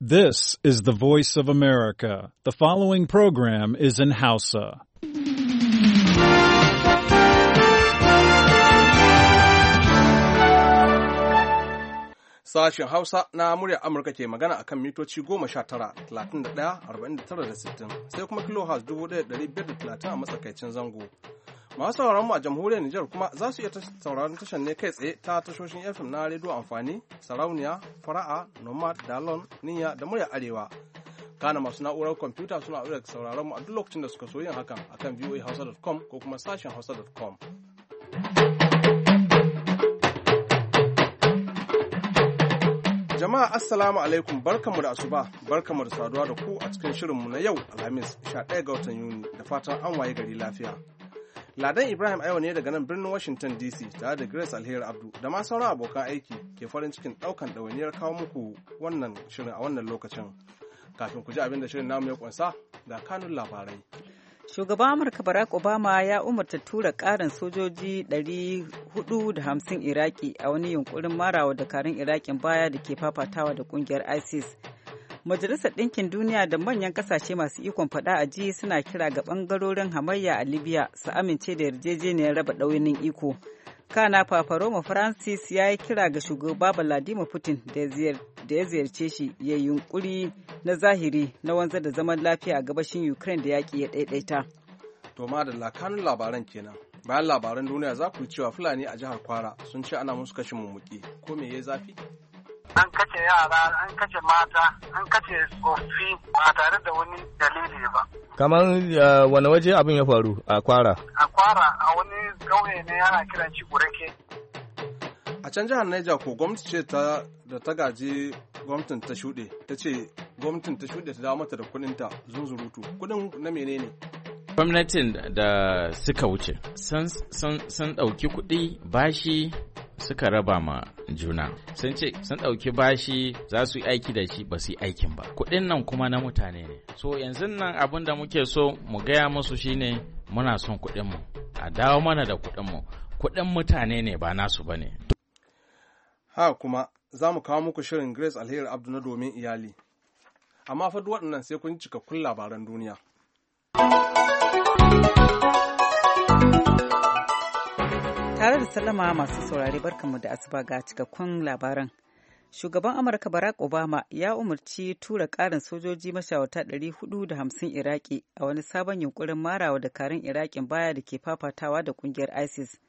This is the voice of America. The following program is in Hausa. Sashen Hausa na muryar Amurka ke magana akan mitoci goma sha tara, talatin da ɗaya, arba'in da tara da sittin, sai kuma kilohaz dubu ɗaya da ɗari biyar da talatin a matsakaicin zango. masu sauraron mu a jamhuriyar Nijar kuma za su iya sauraron tashar ne kai tsaye ta tashoshin FM na rediyo amfani sarauniya fara'a nomad dalon niya da murya arewa kana masu na'urar kwamfuta suna iya sauraron mu a duk lokacin da suka so yin hakan akan voahausa.com ko kuma sashen hausa.com Jama'a Assalamu alaikum barkamu da asuba barkamu da saduwa da ku a cikin shirinmu na yau Alhamis 11 ga watan Yuni da fatan an waye gari lafiya. Ladan Ibrahim Aiwa ne daga nan birnin Washington DC tare da Grace Alheri Abdu da ma sauran abokan aiki ke farin cikin daukan ɗawainiyar kawo muku wannan shirin a wannan lokacin. Kafin ku ji abin da shirin namu ya kunsa da kanun labarai. Shugaban Amurka Barack Obama ya umarta tura ƙarin sojoji 450 Iraki a wani yunkurin marawa da karin Irakin baya da ke fafatawa da ƙungiyar ISIS. Majalisar Ɗinkin Duniya da manyan ƙasashe masu ikon faɗa a ji suna kira ga ɓangarorin hamayya a Libya su amince da yarjejeniyar raba ɗaunin iko. Kana Paparoma Francis ya yi kira ga shugaba Vladimir Putin da ya ziyarce shi ya yunkuri na zahiri na wanzar da zaman lafiya a gabashin Ukraine da yaƙi ya ɗaiɗaita. To ma da lakanin labaran kenan. Bayan labaran duniya za ku cewa Fulani a jihar Kwara sun ce ana musu kashin mummuki. Ko me ya zafi? an kace yara an kace mata an kace tsoffi ba tare da wani dalili ba kamar wani waje abin ya faru a kwara a kwara a wani kauye ne yana kiran shi gureke a can jihar Niger ko gwamnati ce ta da ta gaji gwamnatin ta shuɗe ta ce gwamnatin ta shuɗe ta dawo mata da kuɗinta zunzurutu kuɗin na menene gwamnatin da suka wuce sun ɗauki kuɗi bashi suka raba ma juna sun ce sun ɗauki bashi za su yi aiki da shi ba su yi aikin ba kuɗin nan kuma na mutane ne so yanzu nan abin da muke so mu gaya musu shine muna son kuɗin mu a dawo mana da kuɗin mu kuɗin mutane ne ba nasu ba ne ha kuma za mu kawo muku shirin grace alheri abdu na domin iyali amma fa waɗannan sai kun cikakkun labaran duniya Tare da sallama masu saurare barkanmu da asuba ga cikakkun labaran. Shugaban Amurka Barack Obama ya umarci tura karin sojoji mashawarta 450 Iraki a wani sabon yunkurin marawa da karin Irakin baya da ke fafatawa da kungiyar ISIS.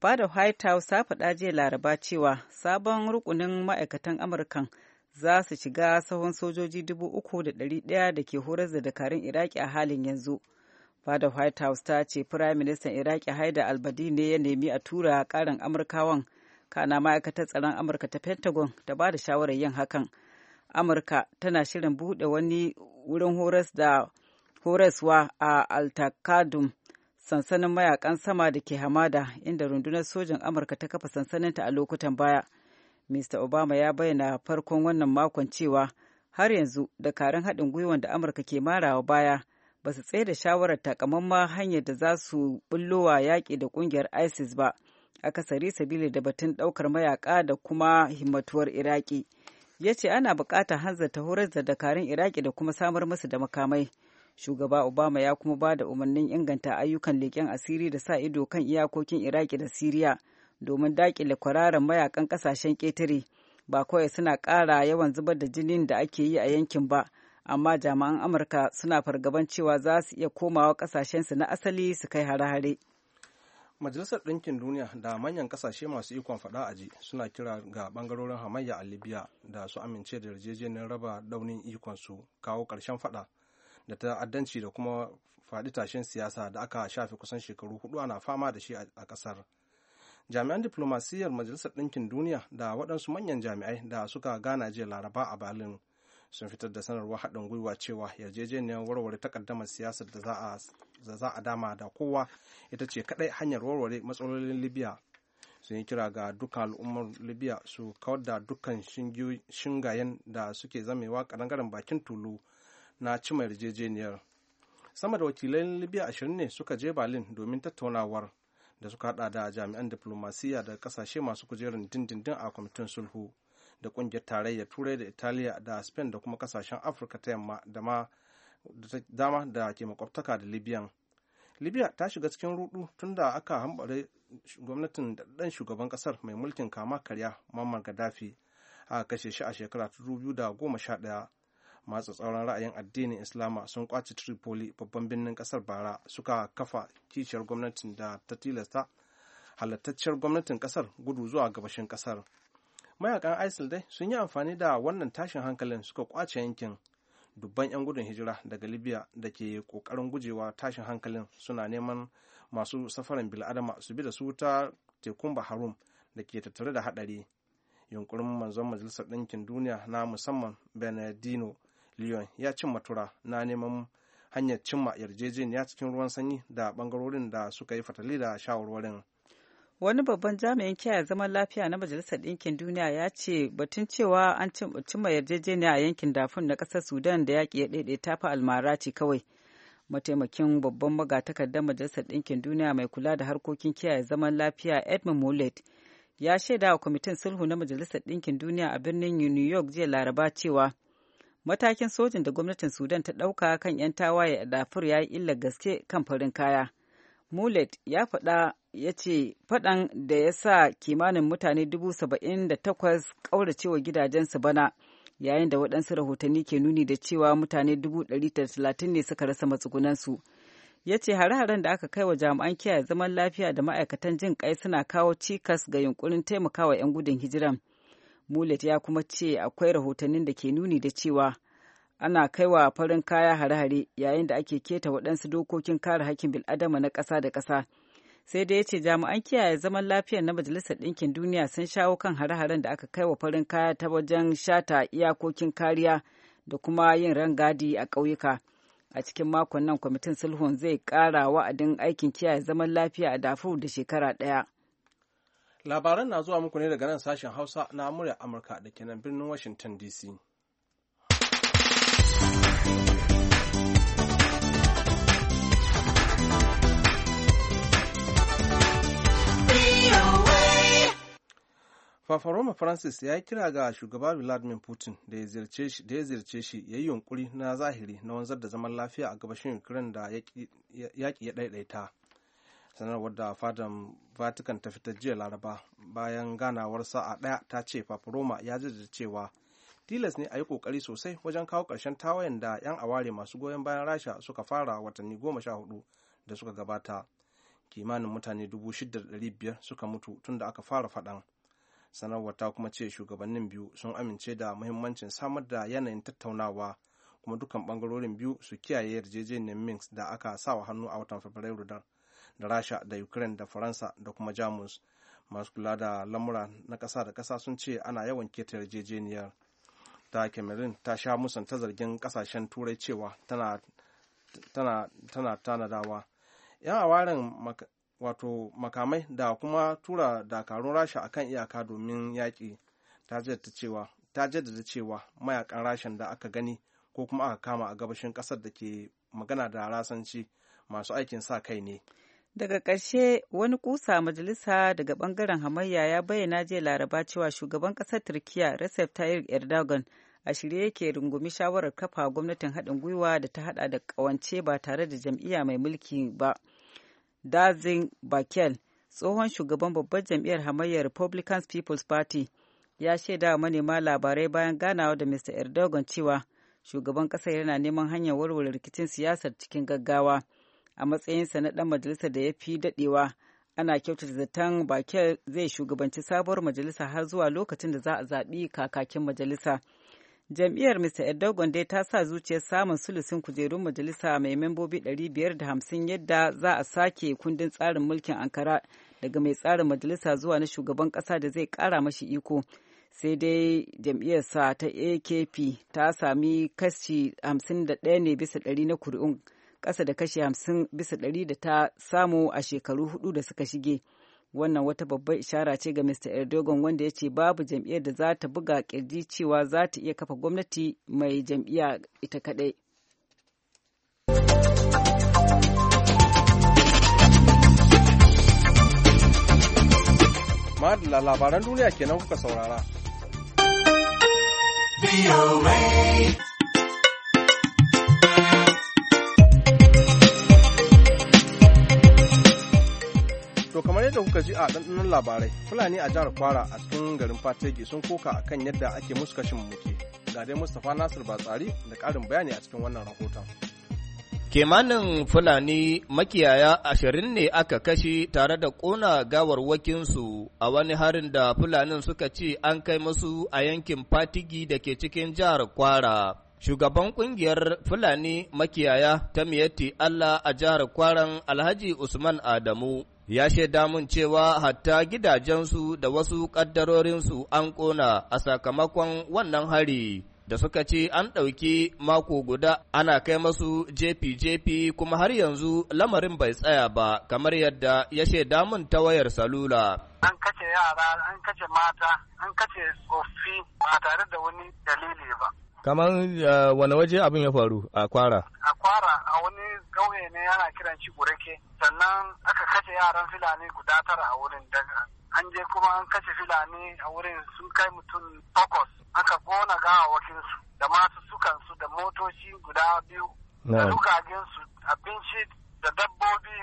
Fada White House ta faɗa jiya Laraba cewa sabon rukunin ma'aikatan Amurkan za su shiga sahun sojoji 3,100 da ke horar da dakarun Iraki a halin yanzu. fada white house ta ce prime minister iraki haida albadi ne ya nemi a tura karin amurkawan kana ma'aikatar tsaron amurka ta pentagon ta ba da shawarar yin hakan amurka tana shirin buɗe wani wurin horas da horaswa a altakadum sansanin mayakan sama da ke hamada inda rundunar sojin amurka ta kafa sansaninta a lokutan baya mr obama ya bayyana farkon wannan makon cewa har yanzu dakarun haɗin gwiwan da amurka ke marawa baya ba su tsaye da shawarar takamamman hanyar da za su bullowa yaƙi da ƙungiyar isis ba akasari sabili da batun ɗaukar mayaƙa da kuma himmatuwar iraki ya ce ana buƙatar hanzarta horar da dakarun iraki da kuma samar musu da makamai shugaba obama ya kuma ba da umarnin inganta ayyukan leƙen asiri da sa ido kan iyakokin iraki da siriya domin daƙile kwararan mayakan ƙasashen ƙetare ba kawai suna ƙara yawan zubar da jinin da ake yi a yankin ba amma jami'an amurka suna fargaban cewa za su iya komawa kasashensu na asali su kai hare-hare majalisar ɗinkin duniya da manyan kasashe masu ikon faɗa ji suna kira ga ɓangarorin hamayya a libya da su amince da yarjejeniyar raba daunin ikon su kawo ƙarshen faɗa da ta'addanci da kuma faɗi tashin siyasa da aka shafe kusan shekaru hudu ana fama da shi a ƙasar jami'an diplomasiyyar majalisar ɗinkin duniya da waɗansu manyan jami'ai da suka gana jiya laraba a berlin sun fitar da sanarwar haɗin gwiwa cewa yarjejeniyar warware takaddamar siyasar da za a dama da kowa ita ce kaɗai hanyar warware matsalolin libya sun yi kira ga dukkan al'ummar libya su kawar da dukkan shingayen da suke zamewa ƙarangaren bakin tulu na cima yarjejeniyar sama da wakilan libya ashirin ne suka je berlin domin tattaunawar da suka hada da jami'an diplomasiya da kasashe masu kujerun dindindin a kwamitin sulhu da kungiyar tarayyar turai da italiya da spain da kuma kasashen afirka ta yamma da dama da ke makwabtaka da libyan libya ta shiga cikin rudu tun da aka hambare gwamnatin ɗan shugaban ƙasar mai mulkin kama karya mamman gaddafi a kashe shi a shekara ta dubu da goma sha ɗaya masu tsauran ra'ayin addinin islama sun kwace tripoli babban birnin ƙasar bara suka kafa kiciyar gwamnatin da ta tilasta halattacciyar gwamnatin ƙasar gudu zuwa gabashin ƙasar mayakan isil dai sun yi amfani da wannan tashin hankalin suka kwace yankin dubban 'yan gudun hijira daga libya da ke kokarin gujewa tashin hankalin suna neman masu safaran bil'adama su bi da su ta tekun baharum da ke tattare da hadari yunkurin manzon majalisar ɗinkin duniya na musamman benedino leon ya cin matura na neman hanyar cimma yarjejeniya cikin ruwan sanyi da bangarorin da suka yi fatali da shawarwarin wani babban jami'in kiyaye zaman lafiya na majalisar ɗinkin duniya ya ce batun cewa an cimma yarjejeniya a yankin dafun na ƙasar sudan da yaƙi ya ta fi almara ce kawai mataimakin babban magatakardar majalisar ɗinkin duniya mai kula da harkokin kiyaye zaman lafiya edmund mullet ya shaida wa kwamitin sulhu na majalisar ɗinkin duniya a birnin new york jiya laraba cewa matakin sojin da gwamnatin sudan ta ɗauka kan 'yan tawaye a dafur ya yi illar gaske kan farin kaya Mulet ya faɗa ya ce faɗan da ya sa kimanin mutane dubu saba'in da takwas ƙauracewa gidajensu bana yayin da waɗansu rahotanni ke nuni da cewa mutane dubu ɗari da talatin ne suka rasa matsugunansu. Ya ce hare-haren da aka kai wa jami'an kiyaye zaman lafiya da ma'aikatan jin ƙai suna kawo cikas ga yunkurin taimakawa 'yan gudun hijiran. Mulet ya kuma ce akwai rahotannin da ke nuni da cewa ana kaiwa farin kaya hare-hare yayin da ake keta waɗansu dokokin kare hakkin bil'adama na ƙasa da ƙasa sai dai ya ce jami'an kiyaye zaman lafiyar na majalisar ɗinkin duniya sun shawo kan hare-haren da aka kaiwa farin kaya ta wajen shata iyakokin kariya da kuma yin rangadi a ƙauyuka a cikin makon nan kwamitin sulhun zai ƙara wa'adin aikin kiyaye zaman lafiya a dafur da shekara ɗaya labaran na zuwa muku ne daga nan sashen hausa na amurka da ke birnin washington dc Fafaroma Francis ya yi kira ga shugaba Vladimir Putin da ya ziyarce shi ya yi yunkuri na zahiri na wanzar da zaman lafiya a gabashin Ukraine da yaƙi ya ɗaiɗaita. Sanarwar da fadan Vatican ta fitar jiya Laraba bayan ganawar sa'a ɗaya ta ce Fafaroma ya jaddada cewa tilas ne a yi kokari sosai wajen kawo ƙarshen tawayen da 'yan aware masu goyon bayan rasha suka fara watanni goma sha hudu da suka gabata kimanin mutane dubu shida da biyar suka mutu tun da aka fara faɗan sanarwar ta kuma ce shugabannin biyu sun amince da muhimmancin samar da yanayin tattaunawa kuma dukkan bangarorin biyu su kiyaye yarjejeniyar minsk da aka sawa hannu a watan fabrairu da rasha da ukraine da faransa da kuma jamus masu kula da lamura na ƙasa da kasa sun ce ana yawan keta yarjejeniyar da cameroon ta sha ta zargin kasashen turai cewa tana tanadawa yan awarin wato makamai da kuma tura dakarun rasha akan iyaka domin yaƙi ta jaddada cewa ta jaddada mayakan rashin da aka gani ko kuma aka kama a gabashin ƙasar da ke magana da rasanci masu aikin sa kai ne Daga ƙarshe wani kusa majalisa daga bangaren hamayya ya bayyana jiya laraba cewa shugaban ƙasar Turkiyya Recep Tayyip Erdogan a shirye yake rungumi shawarar kafa gwamnatin haɗin gwiwa da ta haɗa da ƙawance ba tare da jam'iyya mai mulki ba. Dazin Bakel, tsohon shugaban babbar jam'iyyar hamayya Republican People's Party, ya shaida wa manema labarai bayan ganawa da Mr. Erdogan cewa shugaban ƙasar yana neman hanyar warware rikicin siyasar cikin gaggawa. a matsayinsa na ɗan majalisa da ya fi daɗewa ana kyautata zaton bakel zai shugabanci sabuwar majalisa har zuwa lokacin da za a zaɓi kakakin majalisa jam'iyyar mr erdogan dai ta sa zuciyar samun sulusin kujerun majalisa mai membobi hamsin yadda za a sake kundin tsarin mulkin ankara daga mai tsarin majalisa zuwa na shugaban ƙasa da zai ƙara mashi iko sai dai sa ta akp ta sami kashi ɗaya ne bisa ɗari na kuri'un kasa da kashi hamsin bisa ɗari da ta samu a shekaru hudu da suka shige. Wannan wata babbar ishara ce ga Mr. Erdogan wanda ya ce babu jam'iyyar da za ta buga kirji cewa za ta iya kafa gwamnati mai jam'iyya ita kadai. Madalla labaran duniya kenan kuka saurara. To kamar yadda kuka ji a ɗanɗanon labarai, Fulani a jihar Kwara a cikin garin Fategi sun koka a kan yadda ake musu kashin muke. Ga dai Mustapha Nasir Batsari da ƙarin bayani a cikin wannan rahoton. Kimanin Fulani makiyaya ashirin ne aka kashe tare da ƙona gawar wakinsu a wani harin da Fulanin suka ce an kai musu a yankin Fatigi da ke cikin jihar Kwara. Shugaban kungiyar Fulani makiyaya ta miyatti Allah a jihar Kwaran Alhaji Usman Adamu ya shaida mun cewa hatta gidajensu da wasu ƙaddarorinsu an ƙona a sakamakon wannan hari da suka ci an ɗauki mako guda ana kai masu jefi-jefi kuma har yanzu lamarin bai tsaya ba kamar yadda ya shaida mun ta wayar salula. An kace yara, an kace mata, an kace tsoffi ba tare da wani dalili ba. kamar wani waje abin ya faru a kwara a kwara a wani ƙauye ne yana kiran shi gureke sannan aka kashe yaran filani guda tara a wurin daga an je kuma an kashe filani a wurin sun kai mutum takwas aka gona gawawakinsu da masu sukansu da motoci guda biyu da rugagensu abinci da dabbobi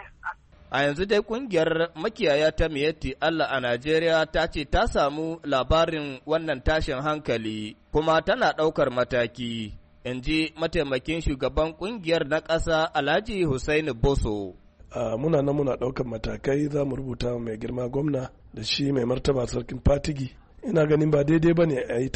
A yanzu dai kungiyar makiyaya ta Miyetti Allah a Najeriya ta ce ta samu labarin wannan tashin hankali kuma tana ɗaukar mataki, in ji mataimakin shugaban kungiyar na ƙasa Alhaji Hussaini Boso. Uh, muna nan muna ɗaukar matakai za mu rubuta mai girma gwamna da shi mai martaba sarkin fatigi ina ganin ba daidai ba ne a yi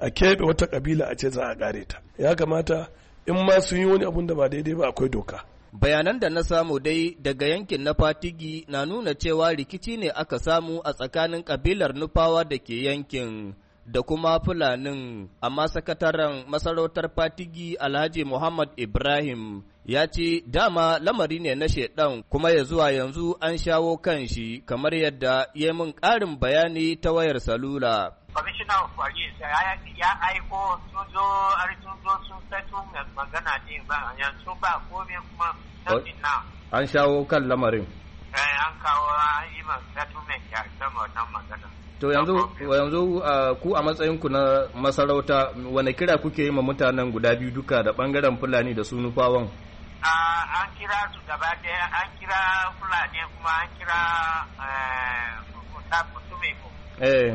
a keɓe wata ƙabila a ce za a ƙare ta ya kamata in ma sun yi wani abun da ba daidai ba akwai doka Bayanan da na samu dai daga yankin na Fatigi na nuna cewa rikici ne aka samu a tsakanin kabilar Nufawa da ke yankin da kuma Fulanin, amma sakataren masarautar Fatigi Alhaji Muhammad Ibrahim ya ce dama lamari ne na shaidan kuma ya zuwa yanzu an shawo kan shi kamar yadda ya min ƙarin bayani ta wayar salula. commissioner of police ya aiko sun zo har sun zo sun sato magana ne ba yanzu ba komai kuma nothing an shawo kan lamarin eh an kawo an yi settlement ya sama wannan magana to yanzu yanzu ku a matsayin ku na masarauta wani kira kuke yi ma mutanen guda biyu duka da bangaren fulani da fawon an kira su gaba daya an kira fulani kuma an kira eh, mutum mai Eh.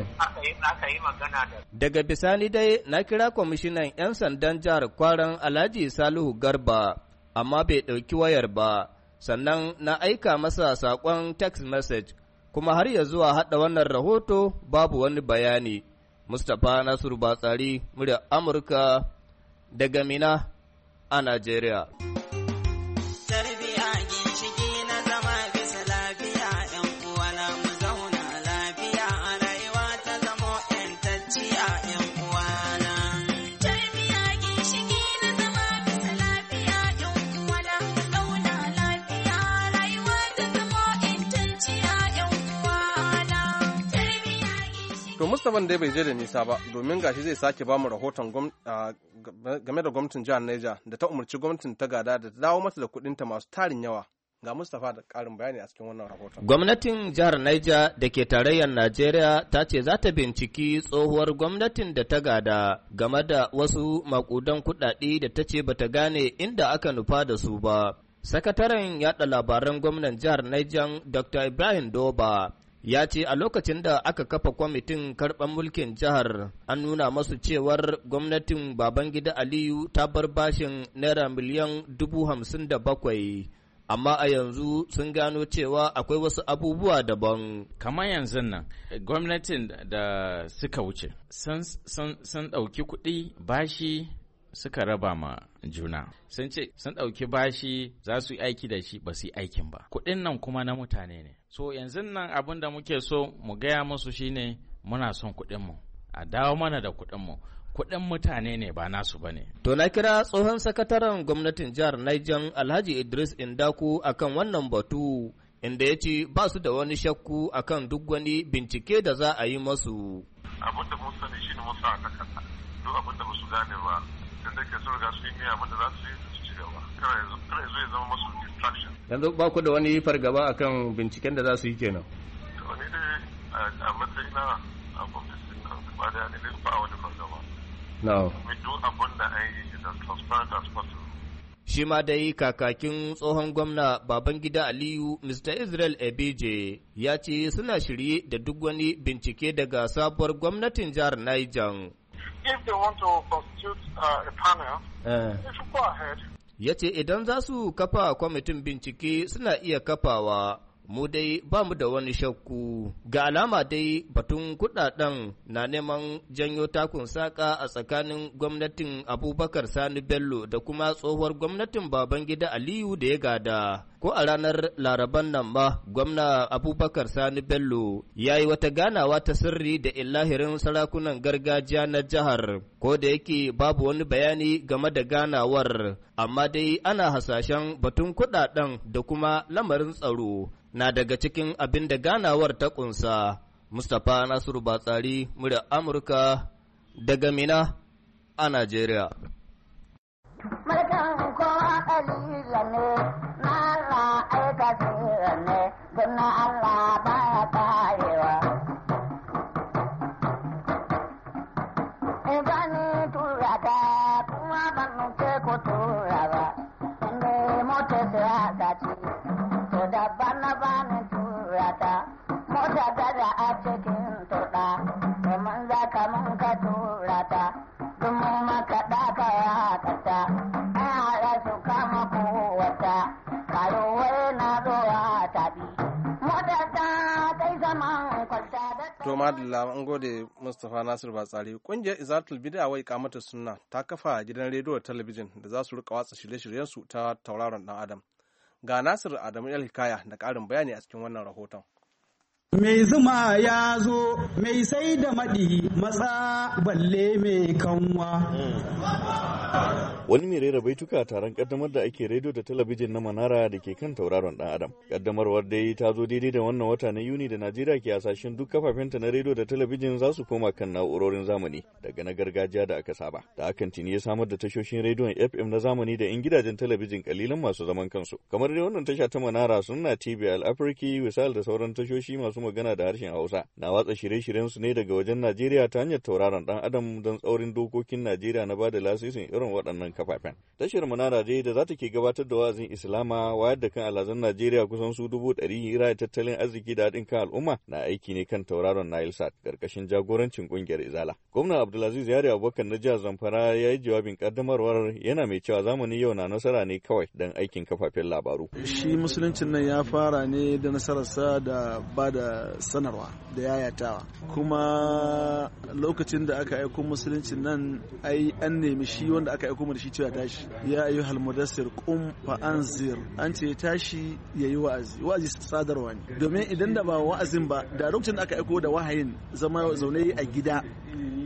daga bisani dai na kira kwamishinan 'yan sandan jihar kwaran alhaji salihu garba amma bai ɗauki wayar ba sannan na aika masa saƙon text message kuma har ya zuwa haɗa wannan rahoto babu wani bayani mustapha nasiru batsari murya amurka daga mina a najeriya To Mustapha dai bai je da nisa ba domin gashi zai sake ba mu rahoton game da gwamnatin jihar Niger da ta umarci gwamnatin ta gada da ta dawo mata da ta masu tarin yawa. Ga Mustapha da ƙarin bayani a cikin wannan rahoton. Gwamnatin jihar Niger da ke tarayyar Najeriya ta ce za ta binciki tsohuwar gwamnatin da ta gada game da wasu makudan kuɗaɗe da ta ce bata gane inda aka nufa da su ba. Sakataren yaɗa labaran gwamnan jihar Niger Dr. Ibrahim Doba ya ce a lokacin da aka kafa kwamitin karɓar mulkin jihar an nuna masu cewar gwamnatin Babangida Aliyu ta bar bashin naira miliyan dubu hamsin da bakwai. amma a yanzu sun gano cewa akwai wasu abubuwa daban. Kamar yanzu nan, gwamnatin da suka wuce sun ɗauki kuɗi bashi suka raba ma juna sun ce sun ɗauki bashi za su yi aiki da shi ba su yi aikin ba kuɗin nan kuma na mutane ne so yanzu nan abin da muke so mu gaya musu shine muna son kuɗin mu. a dawo mana da kuɗin mu kuɗin mutane ne ba nasu ba To na kira tsohon sakataren gwamnatin jihar Niger Alhaji Idris Indaku akan wannan batu inda ya ce ba su da wani shakku akan duk wani bincike da za a yi masu. Abin da mun sani shi ne mun a kasa duk abin da musu gane ba da ke sun riga sun yi abin da za su yi su ci gaba kada yanzu ya zama masu distraction yanzu ba ku da wani fargaba akan binciken da za su yi kenan to ni dai a matsayi na a kwamfisin na ba da ni dai ba wani fargaba no we do abun da an yi is as transparent as possible shi ma dai kakakin tsohon gwamna Babangida Aliyu Mr. Israel Ebije ya ce suna shirye da duk wani bincike daga sabuwar gwamnatin jihar Niger. if they want to constitute uh, a panel, uh. they should go ahead. Ya ce idan za su kafa kwamitin bincike suna iya kafawa mu dai ba mu da wani shakku ga alama dai batun kudaden na neman janyo takun saka a tsakanin gwamnatin abubakar sani bello da kuma tsohuwar gwamnatin babangida aliyu da ya gada ko a ranar laraban nan ba gwamna abubakar sani bello ya yi wata ganawa ta sirri da illahirin sarakunan gargajiya na jihar ko da yake babu wani bayani game da ganawar amma dai ana hasashen batun kudaden da kuma lamarin tsaro na daga cikin abin da ganawar ta ƙunsa. Mustapha Nasiru Batsari, murya Amurka daga Mina a Najeriya. ne, na Allah aurata duk maka ɗaka ya hakata an su kama kowata karuwar na zuwa mota ta kai kwalta to madalla an gode mustapha nasir batsari Ƙungiyar izatul bid'a wai kamata sunna ta kafa gidan rediyo da talabijin da za su rika watsa shirye-shiryensu ta tauraron ɗan adam ga nasir adamu el hikaya da ƙarin bayani a cikin wannan rahoton mai zuma ya zo mai sai da maɗi matsa balle mai kanwa wani mai rera baituka taron kaddamar da ake rediyo da talabijin na manara da ke kan tauraron dan adam kaddamarwar dai ta zo daidai da wannan wata na yuni da najeriya ke hasashen duk kafafenta na rediyo da talabijin za su koma kan na'urorin zamani daga na gargajiya da aka saba da hakan tuni ya samar da tashoshin rediyon fm na zamani da yan gidajen talabijin kalilan masu zaman kansu kamar dai wannan tasha ta manara suna tv al afirki wisal da sauran tashoshi masu magana da harshen Hausa na watsa shirye-shiryen su ne daga wajen Najeriya ta hanyar tauraron dan Adam don tsaurin dokokin Najeriya na bada lasisin irin waɗannan kafafen. Tashar na da zata ke gabatar da wa'azin Islama wayar da kan alazan Najeriya kusan su dubu ɗari hira tattalin arziki da haɗin kan al'umma na aiki ne kan tauraron Nilesat karkashin jagorancin ƙungiyar Izala. Gwamna Abdulaziz Yari Abubakar na jihar Zamfara ya yi jawabin kaddamarwar yana mai cewa zamani yau na nasara ne kawai don aikin kafafen labaru. Shi musuluncin nan ya fara ne da nasararsa da ba da sanarwa da yayatawa kuma lokacin da aka aiko musuluncin nan ai an nemi shi wanda aka aiko mu da shi cewa tashi ya ayu halmudassir qum fa anzir an ce tashi yayi wa'azi wa'azi sadarwa ne domin idan da ba wa'azin ba da lokacin da aka aiko da wahayin zama zaune a gida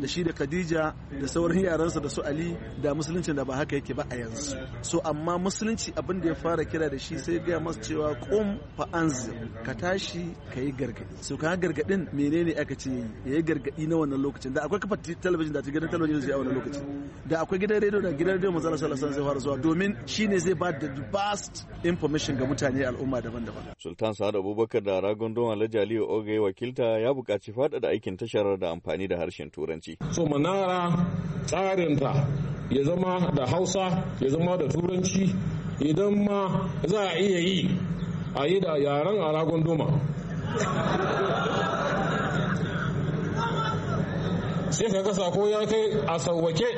da shi da Khadija da sauran yaransa da su Ali da musuluncin da ba haka yake ba a yanzu so amma musulunci abin da ya fara kira da shi sai ga masu cewa qum fa anzir ka tashi ka yi gargadi so ka gargadin menene aka ce yayi gargadi na wannan lokacin da akwai kafa talabijin da ta gidan talabijin zai a wannan lokacin da akwai gidan rediyo da gidan rediyo manzon sallallahu alaihi wasallam zai fara zuwa domin shine zai ba da best information ga mutane al'umma daban-daban sultan sa'ad abubakar da ragon don alhaji aliyu oge wakilta ya buƙaci da aikin tashar da amfani da harshen turanci so manara tsarinta ya zama da hausa ya zama da turanci idan ma za a iya yi a yi da yaren a ragon doma sai ka ga sako ya kai a sauwake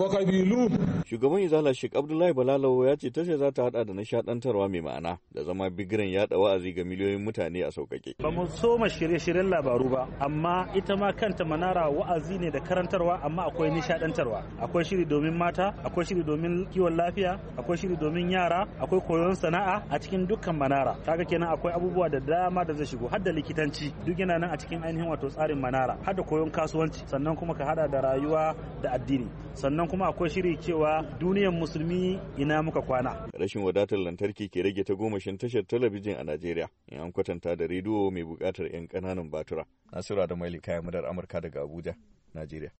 wa kabilu Shugaban Izala shek Abdullahi Balalawo ya ce tashar za ta hada da nishadantarwa mai ma'ana da zama bigiran yada wa'azi ga miliyoyin mutane a sauƙaƙe. Ba mu soma shirye-shiryen labaru ba, amma ita ma kanta manara wa'azi ne da karantarwa amma akwai nishadantarwa. Akwai shiri domin mata, akwai shiri domin kiwon lafiya, akwai shiri domin yara, akwai koyon sana'a a cikin dukkan manara. Kaga kenan akwai abubuwa da dama da zai shigo, har da likitanci duk yana nan a cikin ainihin wato tsarin manara, har da koyon kasuwanci, sannan kuma ka hada da rayuwa da addini. Sannan kuma akwai shiri cewa duniyar musulmi ina muka kwana. Rashin wadatar lantarki ke rage ta gomashin tashar talabijin a Najeriya in an kwatanta da rediyo mai bukatar 'yan ƙananan batura. Nasira da Ali kayan madar Amurka daga Abuja, Najeriya.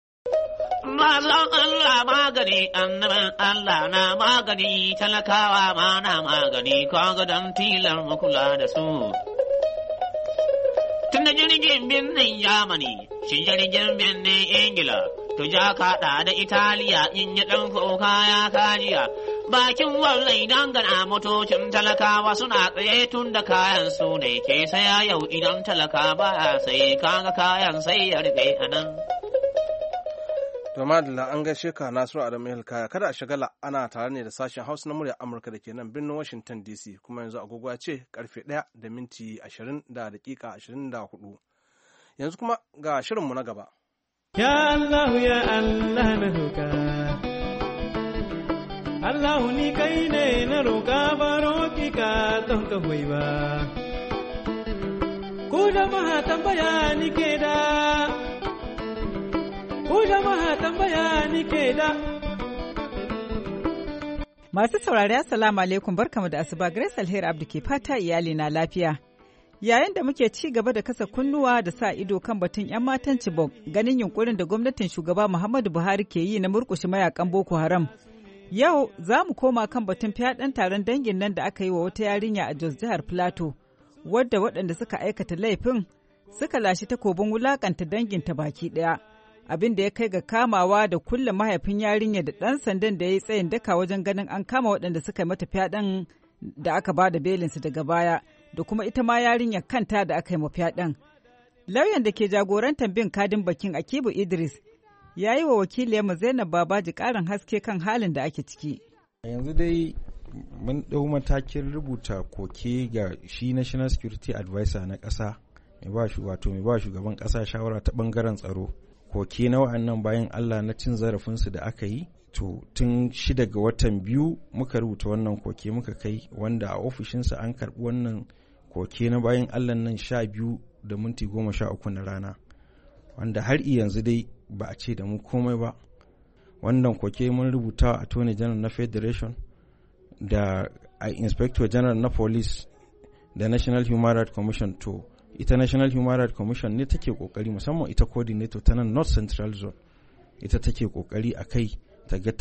Mazan Allah magani, annaban Allah na magani, talakawa ma na magani, kwa don tilar makula da su. tun da jirgin birnin Yamani, shi jirgin birnin Ingila, tuja kaɗa da Italiya in yi ɗan kuka ya kajiya. Bakin wallai dangana motocin talakawa suna tsaye tun da kayan su ne ke saya yau idan talaka ba sai kaga kayan sai ya rufe a nan. To madalla an gaishe ka Nasiru Adamu Hilkaya kada a shagala ana tare ne da sashen Hausa na murya Amurka da ke nan birnin Washington DC kuma yanzu agogo ce karfe 1 da minti 20 da dakika 24. Yanzu kuma ga shirinmu na gaba. Ya Allah ya Allah na roƙa Allah ni kai ne na roƙa ba ki ka don ka hoyi ba Ku jama'a tambaya ni ke da Ku jama'a tambaya ni ke da Masu saurari assalamu alaikum barkamu da asuba Grace Alheri Abdu ke fata iyali na lafiya yayin da muke ci gaba da kasa kunnuwa da sa ido kan batun 'yan matan Chibok ganin yunkurin da gwamnatin shugaba Muhammadu Buhari ke yi na murkushe mayakan Boko Haram. Yau za mu koma kan batun fyaɗen taron dangin nan da aka yi wa wata yarinya a Jos jihar plato wadda waɗanda suka aikata laifin suka lashe takobin wulakanta danginta baki ɗaya. Abin da ya kai ga kamawa da kulle mahaifin yarinya da ɗan sandan da ya yi tsayin daka wajen ganin an kama waɗanda suka yi mata fyaɗen da aka ba da belinsu daga baya. da kuma ita ma yarinyar kanta da aka yi mafyaɗen. Lauyan da ke jagorantar bin kadin bakin Akibu Idris ya yi wa wakiliyarmu Zainab Babaji ƙarin haske kan halin da ake ciki. Yanzu dai mun ɗau matakin rubuta koke ga shi National Security Advisor na ƙasa mai ba wato mai ba shugaban ƙasa shawara ta ɓangaren tsaro. Koke na wa'annan bayan Allah na cin zarafinsu da aka yi to tun shida ga watan biyu muka rubuta wannan koke muka kai wanda a ofishinsa an karbi wannan koke na bayan allah nan sha biyu da minti goma sha uku na rana wanda har yanzu dai ba a ce da mu komai ba wannan koke mun rubuta a tony general na federation da a inspector general na police da national human rights commission to ita national human rights commission ne take kokari musamman ita coordinator ta nan north central zone ita take kokari a kai ta ga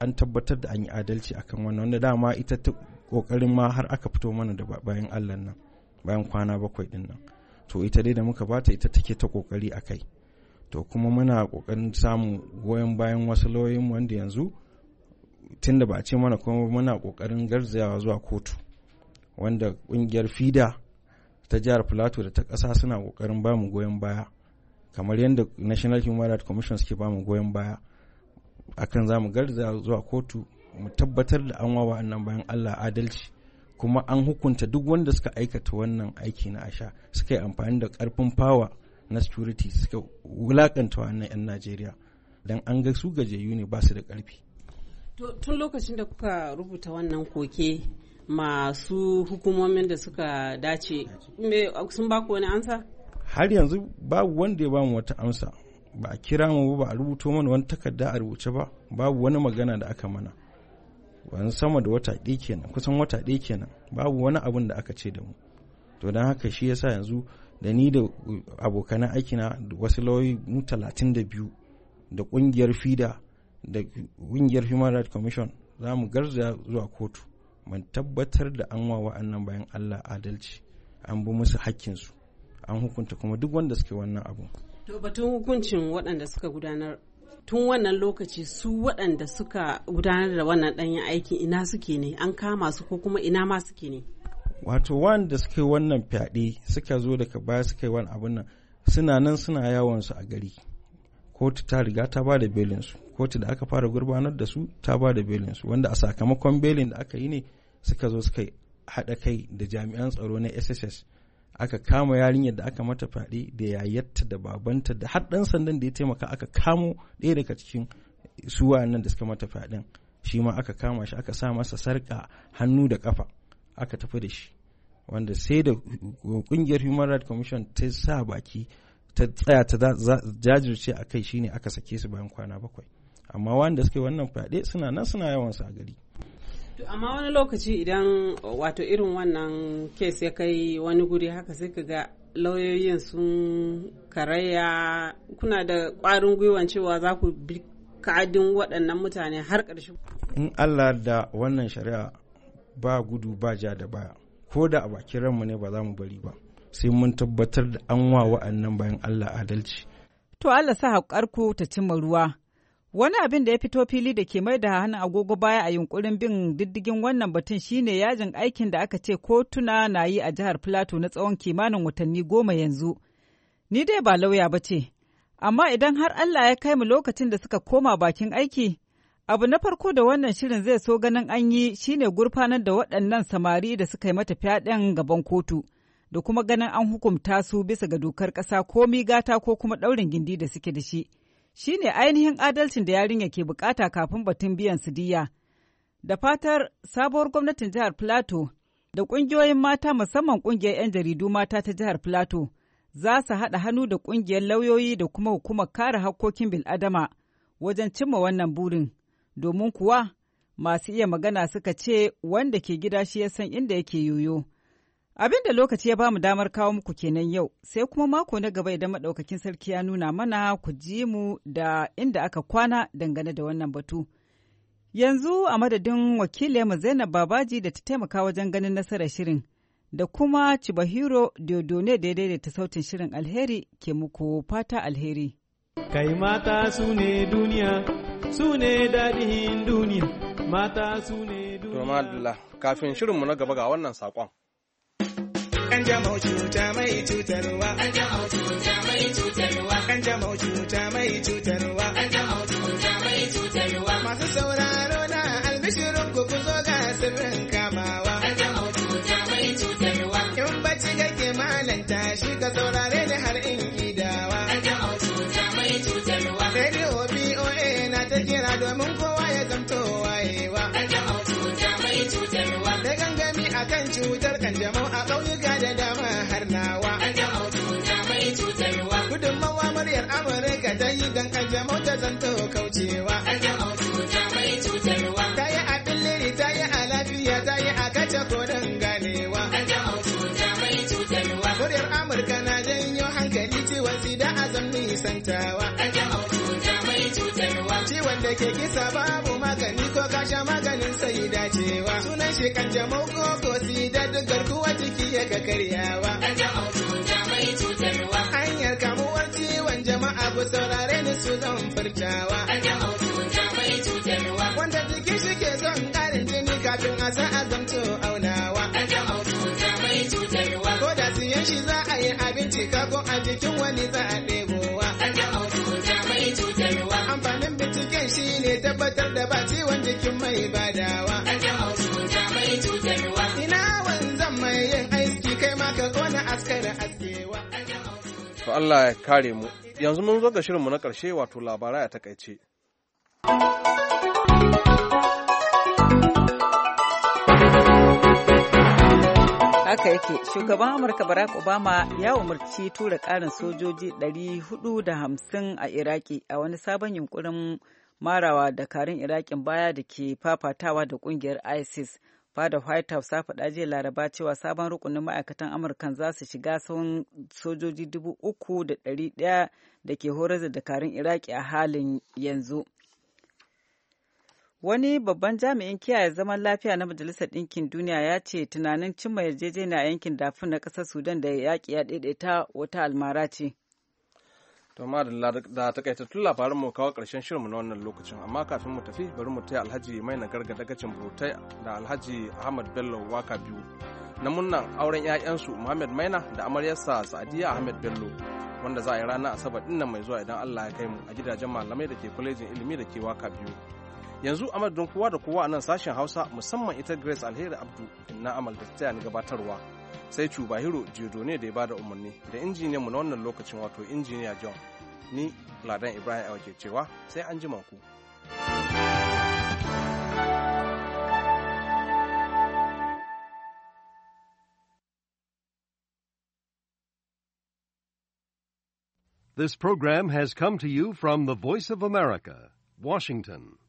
an tabbatar da an yi adalci akan wannan wanda dama ita ta kokarin ma har aka fito mana da bayan Allah nan bayan kwana bakwai din nan to ita dai da muka bata ita take ta kokari akai to kuma muna kokarin samun goyon bayan wasu lauyoyin wanda yanzu tunda ba a ce mana kuma muna kokarin garzayawa zuwa kotu wanda kungiyar fida ta jihar plateau da ta kasa suna kokarin bamu goyon baya kamar yadda national human rights commission suke bamu goyon baya akan mu garza zuwa kotu mu tabbatar da an wawa annan bayan Allah adalci kuma an hukunta duk wanda suka aikata wannan aiki na asha suka yi amfani da karfin fawa na security suka wulakanta wannan 'yan Najeriya don an ga su gajeyu ne ba su da karfi. Tun lokacin da kuka rubuta wannan koke masu hukumomin da suka dace sun baku wani amsa. Har yanzu babu wanda ya bamu wata amsa ba a kira mu ba a rubuto mana wani takarda a rubuce ba babu wani magana da aka mana wani sama da wata ɗaya kenan kusan wata ɗaya kenan babu wani abun da aka ce da mu to don haka shi yasa yanzu da ni da aiki aikina wasu lauyi mu talatin da biyu da ƙungiyar fida da ƙungiyar human rights commission za mu garzaya zuwa kotu mun tabbatar da an wa wa'annan bayan allah adalci an bi musu hakkinsu an hukunta kuma duk wanda suke wannan abu To batun hukuncin waɗanda suka gudanar tun wannan lokaci su waɗanda suka gudanar da wannan ɗanyen aikin ina suke ne an kama su ko kuma ina ma suke ne. Wato wanda suka yi wannan fyaɗe suka zo daga baya suka yi wani abin nan suna nan suna yawon su a gari. Kotu ta riga ta ba da belin su kotu da aka fara gurbanar da su ta ba da belin su wanda a sakamakon belin da aka yi ne suka zo suka haɗa kai da jami'an tsaro na SSS aka kama yarinyar da aka mata fyaɗe da yayatta da babanta da har ɗan sandan da ya taimaka aka kamo ɗaya daga cikin su nan da suka mata fyaɗen shi ma aka kama shi aka sa masa sarƙa hannu da ƙafa aka tafi da shi wanda sai da ƙungiyar human rights commission ta sa baki ta tsaya ta jajirce a kai shine aka sake su bayan kwana bakwai amma wanda suke wannan fyaɗe suna nan suna yawan sa gari To amma wani lokaci idan wato irin wannan kes ya kai wani guri haka sai ka ga lauyoyin sun karaya kuna da kwarin gwiwan cewa za ku bi kadin waɗannan mutane har ƙarshe. In Allah da wannan shari'a ba gudu ba ja da baya ko da a bakin ranmu ne ba za mu bari ba sai mun tabbatar da an wa wa'annan bayan Allah adalci. To Allah sa haƙarku ta cimma ruwa. Wani abin da ya fito fili da ke mai da hannun agogo baya a yunkurin bin diddigin wannan batun shine yajin aikin da aka ce kotuna na yi a jihar Filato na tsawon kimanin watanni goma yanzu. Ni dai ba lauya ba ce, amma idan har Allah ya kai mu lokacin da suka koma bakin aiki, abu na farko da wannan shirin zai so ganin an yi shine gurfanar da waɗannan samari da suka yi mata fyaɗen gaban kotu, da kuma ganin an hukumta su bisa ga dokar ƙasa ko migata ko kuma ɗaurin gindi da suke da shi. Shi ne ainihin adalcin da yarinya ke bukata kafin batun biyan su diya. Da fatar sabuwar gwamnatin jihar Plateau da ƙungiyoyin mata musamman ƙungiyar 'yan jaridu mata ta jihar Plateau za su haɗa hannu da ƙungiyar lauyoyi da kuma hukumar kare hakkokin bil'adama wajen cimma wannan burin. Domin kuwa masu iya magana suka ce wanda ke gida shi ya san inda yake yoyo. Abin da lokaci ya bamu damar kawo muku kenan yau, sai kuma mako na gaba idan maɗaukakin sarki ya nuna mana ku ji mu da inda aka kwana dangane da wannan batu. Yanzu a madadin mu Zainab Babaji da ta taimaka wajen ganin nasarar shirin, da kuma ne Diodone da ya daidaita sautin shirin alheri ke muku fata alheri. Kai mata su ne duniya, su ne daɗin duniya, mata su ne duniya. kafin shirinmu na gaba ga wannan saƙon. An jama'u cuta mai cutarwa. An jama'u cuta mai cutarwa. An jama'u cuta mai cutarwa. An jama'u cuta mai cutarwa. Masu sauraro na albishirin ku ku zo ga sirrin kamawa. An jama'u cuta mai cutarwa. In bacci kake malanta shi ka saurare ni har in gidawa. An jama'u cuta mai cutarwa. Radio BOA na ta kira domin kowa. don kanjamau ta zanto kaucewa. Kanjamau cuta mai cutarwa. Ta yi a billiri ta yi a lafiya ta yi a kace koren ganewa. Kanjamau cuta mai cutarwa. Muryar Amurka na janyo hankali cewa sida a zan nisantawa. Kanjamau cuta mai cutarwa. Ciwon da ke kisa babu magani ko kasha maganin sai dacewa. Sunan shi kanjamau ko ko sida duk garkuwa jiki ya ga karyawa. Kanjamau cuta mai cutarwa. illar ciwon jama'a ku saurare ni su zan furtawa. Wanda jiki shi ke son ƙarin jini kafin a sa a aunawa. Ko da siyan shi za a yi abinci kako a jikin wani za a ɗebowa. Amfanin binciken shi ne tabbatar da ba ciwon jikin mai badawa. To Allah ya kare mu. Yanzu mun zo ga shirinmu na ƙarshe wato labarai a takaice. haka yake shugaban amurka barack obama ya umarci tura ƙarin sojoji 450 a iraki a wani sabon yunkurin marawa da karin iraƙin baya da ke fafatawa da ƙungiyar isis fada white house ta faɗa jiya laraba cewa sabon rukunin ma'aikatan amurkan za su shiga sauran sojoji dubu uku da ɗari ɗaya da ke horar da dakarun iraki a halin yanzu wani babban jami'in kiyaye zaman lafiya na majalisar ɗinkin duniya ya ce tunanin cimma yarjejeniya yankin dafin na ƙasar sudan da yaƙi ya ɗaiɗaita wata almara ce to ma da tun labarin mu kawo karshen shirinmu na wannan lokacin amma kafin mu tafi bari mu taya alhaji mai na garga dagacin burtai da alhaji ahmad bello waka biyu na munnan auren 'ya'yansu muhammad maina da amaryarsa sa'adiyya ahmad bello wanda za a yi ranar asabar dinnan mai zuwa idan allah ya kai mu a gidajen malamai da ke kwalejin ilimi da ke waka biyu yanzu a don kowa da kowa a nan sashen hausa musamman ita grace alheri abdu na amal da ta gabatarwa sai cubahiro jedo ne da ya bada umarni da injiniyan mu na wannan lokacin wato injiniya john ni ladan ibrahim awa ke cewa sai an ji ku. This program has come to you from the Voice of America, Washington.